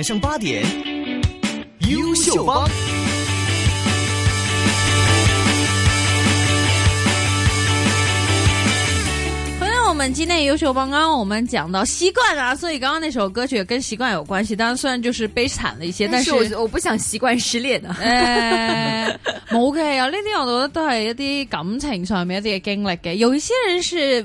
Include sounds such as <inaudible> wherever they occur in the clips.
晚上八點，優秀幫。歡迎我們今天的優秀幫。剛剛我們講到習慣啊，所以剛剛那首歌曲跟習慣有關係。但是雖然就是悲慘了一些，但是我我不想習慣失戀啊。冇計，啊，呢啲我覺得都係一啲感情上面一啲嘅經歷嘅。有一些人是。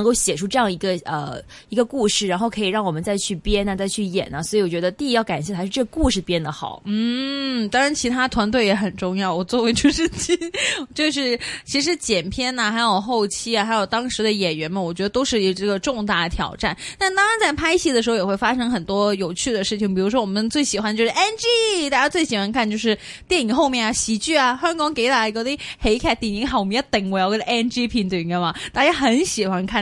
能夠寫出這樣一個呃一個故事，然後可以讓我們再去編呢、啊，再去演呢、啊，所以我覺得第一要感謝還是這故事編得好。嗯，當然其他團隊也很重要。我作為出事就是其實剪片吶、啊，還有後期啊，還有當時的演員們，我覺得都是一個，這個重大挑戰。但當然在拍戲的時候也會發生很多有趣的事情，比如說我們最喜歡就是 NG，大家最喜歡看就是電影後面啊，喜劇啊，香港幾大嗰啲喜劇電影後面、啊定啊、一定會有嗰 NG 片段噶嘛，大家很喜歡看。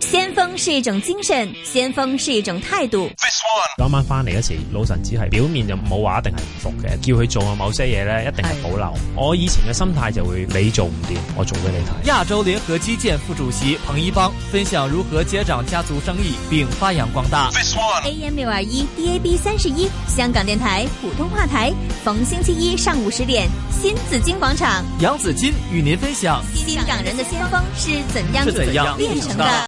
先鋒是一種精神，先鋒是一種態度。啱啱翻嚟一次，老神只係表面就冇話，定係唔服嘅，叫佢做啊某些嘢呢，一定係保留。哎、我以前嘅心態就會，你做唔掂，我做俾你睇。亞洲聯合基建副主席彭一邦分享如何接掌家族生意並發揚光大。This one. AM 六二一，DAB 三十一，香港電台普通話台，逢星期一上午十點，新紫金廣場，楊紫金與您分享香港人的先鋒是怎樣怎樣練成的。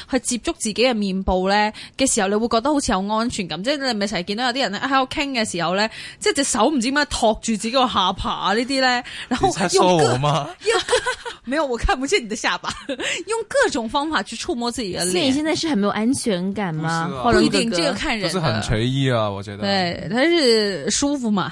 去接觸自己嘅面部咧嘅時候，你會覺得好似有安全感。即係你咪成日見到有啲人咧喺度傾嘅時候咧，即係隻手唔知點解，托住自己個下巴呢啲咧。然後用，用沒有我看不見你的下巴，用各種方法去觸摸自己嘅。你現在是很沒有安全感嗎？不一定，這個看人。不是很隨意啊，我覺得。對，但是舒服嘛。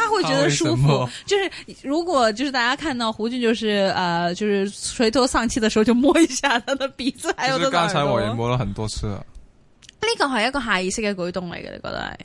他會覺得舒服，就是如果就是大家看到胡俊就是呃就是垂頭喪氣的時候，就摸一下他的鼻子還，還有剛才我也摸了很多次了。呢個係一個下意識嘅舉動嚟嘅，你覺得係？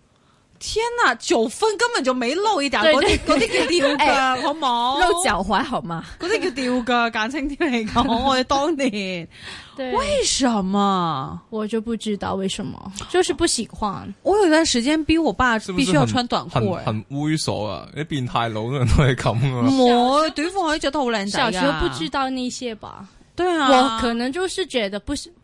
天啊，九分根本就沒露一點，嗰啲叫吊腳，欸、好冇露腳踝好嘛？嗰啲叫吊腳，簡稱啲嚟講，我哋當年，對為什麼？我就不知道為什麼，就是不喜歡。啊、我有一段時間逼我爸必須要穿短褲、欸，很猥瑣啊！你變態佬都係咁噶。我短褲我都覺得好靚仔。小時,小時候不知道那些吧，對啊，我可能就是覺得不是。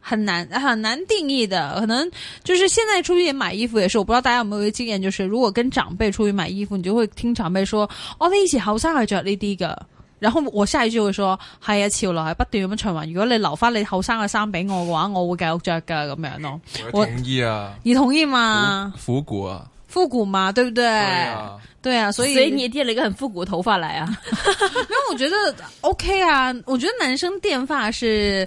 很難很難定義的，可能就是現在出去買衣服，也是，我不知道大家有沒有一個經驗，就是如果跟長輩出去買衣服，你就會聽長輩說：“哦，你以前後生係着呢啲噶。”然後我下一句會說：“係啊，潮流係不斷咁循環。如果你留翻你後生嘅衫俾我嘅話，我會繼續着噶咁樣咯。”我同意啊，你同意嗎？復古啊，復古嘛對不對？啊對啊，所以所以你也墊了一個很復古嘅頭髮來啊？因 <laughs> 為 <laughs> <laughs> 我覺得 OK 啊，我覺得男生墊髮是。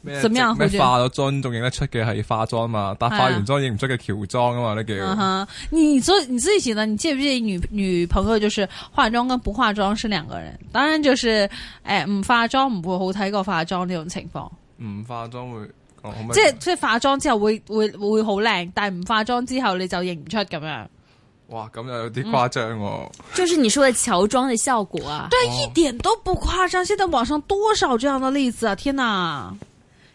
咩？麼怎樣麼化咗妝仲認得出嘅係化妝嘛？是啊、但化完妝認唔出嘅喬裝啊嘛，呢叫。啊哈！你做你自己覺得你知不知，你介唔介意女女朋友就是化妝跟不化妝是兩個人？當然就是誒，唔、欸、化妝唔會好睇過化妝呢種情況。唔化妝會，即係即係化妝之後會會會好靚，但係唔化妝之後你就認唔出咁樣。哇！咁又有啲誇張。就是你說的喬裝的效果啊？對，哦、一點都不誇張。現在網上多少這樣的例子啊？天呐、啊！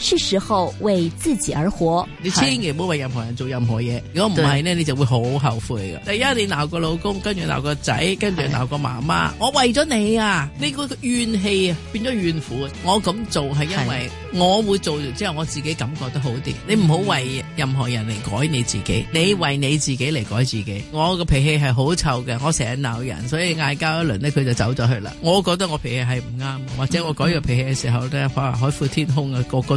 是時候為自己而活。你千祈唔好為任何人做任何嘢，如果唔係呢，對你就會好後悔嘅。第一，你鬧個老公，跟住鬧個仔，跟住鬧個媽媽。的我為咗你啊，你，呢個怨氣啊，變咗怨婦。我咁做係因為我會做完之後，就是，我自己感覺都好啲。你唔好為任何人嚟改你自己，你為你自己嚟改自己。我個脾氣係好臭嘅，我成日鬧人，所以嗌交一輪呢，佢就走咗去啦。我覺得我脾氣係唔啱，或者我改個脾氣嘅時候呢，可能海闊天空啊，個個